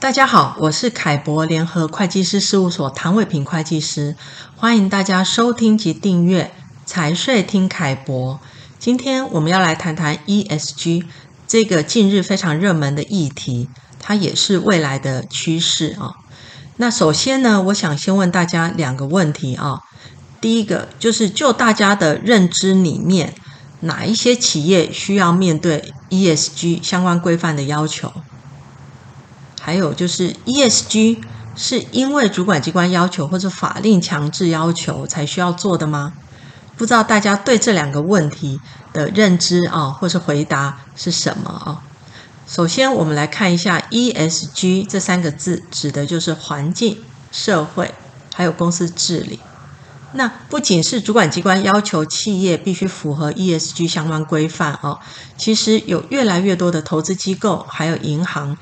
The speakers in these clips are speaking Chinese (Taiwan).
大家好，我是凱博聯合會計師事務所唐偉平會計師，歡迎大家收聽及訂閱財稅聽凱博。今天我們要來談談 ESG 這個近日非常熱門的議題，它也是未來的趨勢啊。那首先呢，我想先問大家兩個問題啊。第一個就是就大家的認知裡面，哪一些企業需要面對 ESG 相關規範的要求？還有就是 ESG 是因為主管機關要求或者法令強制要求才需要做的嗎？不知道大家對這兩個問題的認知啊，或是回答是什麼啊？首先，我們來看一下 ESG 這三個字，指的就是環境、社會，還有公司治理。那不僅是主管機關要求企業必須符合 ESG 相關規範哦啊，其實有越來越多的投資機構還有銀行。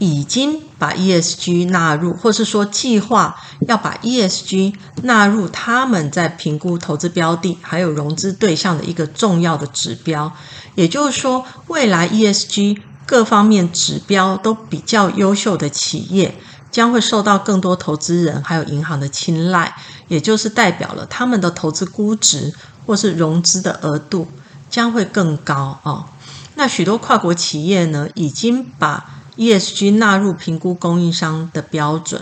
已經把 ESG 納入，或是說計劃要把 ESG 納入他們在評估投資標的還有融資對象的一個重要的指標。也就是說，未來 ESG 各方面指標都比較優秀的企業，將會受到更多投資人還有銀行的青睞。也就是代表了他們的投資估值或是融資的額度將會更高哦。那許多跨國企業呢，已經把 ESG 納入評估供應商的標準，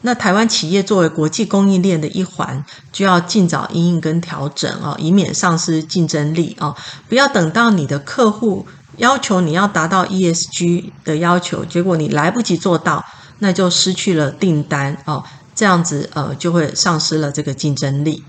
那台灣企業作為國際供應鏈的一環，就要盡早因應跟調整哦，以免喪失競爭力哦。不要等到你的客戶要求你要達到 ESG 的要求，結果你來不及做到，那就失去了訂單哦。這樣子呃，就會喪失了這個競爭力。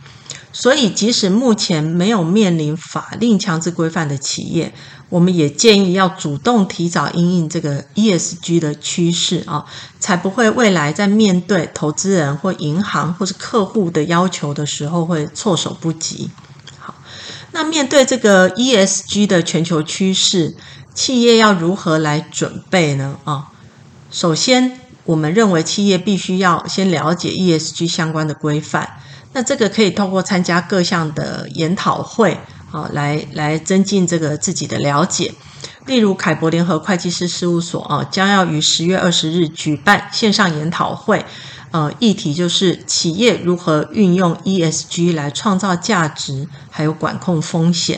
所以，即使目前沒有面臨法令強制規範的企業，我們也建議要主動提早因應這個 ESG 的趨勢啊、哦，才不會未來在面對投資人或銀行或是客戶的要求的時候會措手不及。好，那面對這個 ESG 的全球趨勢，企業要如何來準備呢？啊、哦，首先，我們認為企業必須要先了解 ESG 相關的規範。那這個可以透過參加各項的研討會，啊，來來增進這個自己的了解。例如，凱博聯合會計師事務所啊，將要於十月二十日舉辦線上研討會，呃，議題就是企業如何運用 ESG 來創造價值，還有管控風險。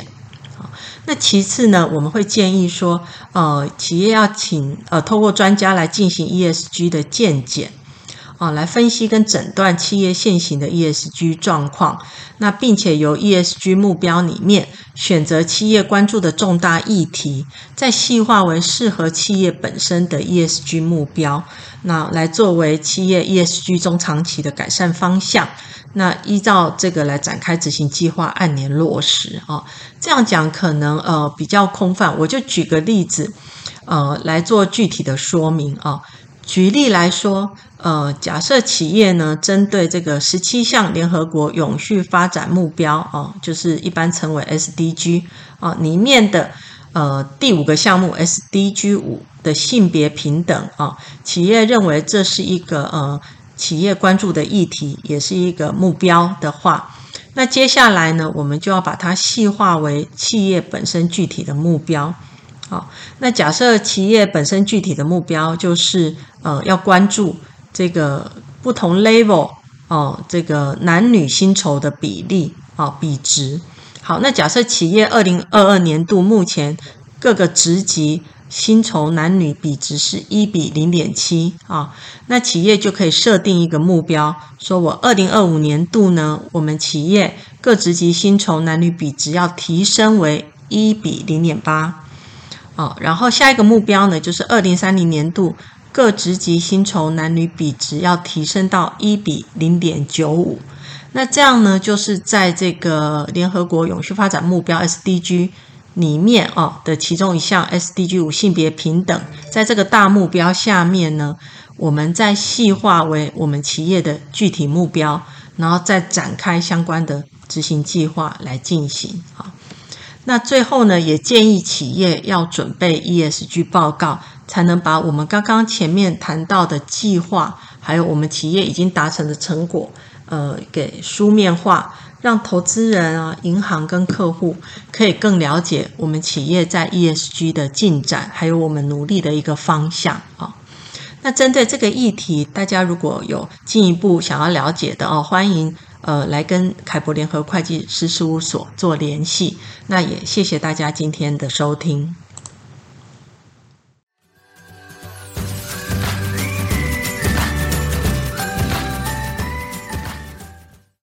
啊，那其次呢，我們會建議說，呃，企業要請呃，透過專家來進行 ESG 的見解。哦，來分析跟診斷企業現行的 ESG 狀況，那並且由 ESG 目標裡面選擇企業關注的重大議題，再細化為適合企業本身的 ESG 目標，那來作為企業 ESG 中長期的改善方向。那依照這個來展開執行計劃，按年落實。哦，這樣講可能，呃，比較空泛，我就舉個例子，呃，來做具體的說明啊。哦舉例來說，呃，假設企業呢，針對這個十七項聯合國永續發展目標，哦，就是一般稱為 SDG，啊，裡面的呃第五個項目 SDG 五的性別平等，啊，企業認為這是一個呃企業關注的議題，也是一個目標的話，那接下來呢，我們就要把它細化為企業本身具體的目標。好，那假設企業本身具體的目標就是，呃，要關注這個不同 level 哦，這個男女薪酬的比例啊、哦、比值。好，那假設企業二零二二年度目前各個職級薪酬男女比值是一比零點七啊，那企業就可以設定一個目標，說我二零二五年度呢，我們企業各職級薪酬男女比值要提升為一比零點八。哦，然後下一個目標呢，就是二零三零年度各職級薪酬男女比值要提升到一比零點九五。那這樣呢，就是在這個聯合國永續發展目標 SDG 裡面哦的其中一項 SDG 五性別平等，在這個大目標下面呢，我們再細化為我們企業的具體目標，然後再展開相關的執行計劃來進行啊。那最後呢，也建議企業要準備 ESG 報告，才能把我們剛剛前面談到的計劃，還有我們企業已經達成的成果，呃，給書面化，讓投資人啊、銀行跟客戶可以更了解我們企業在 ESG 的進展，還有我們努力的一個方向啊。那針對這個議題，大家如果有進一步想要了解的哦，歡迎。呃，來跟凱博聯合會計師事務所做聯繫。那也謝謝大家今天的收聽。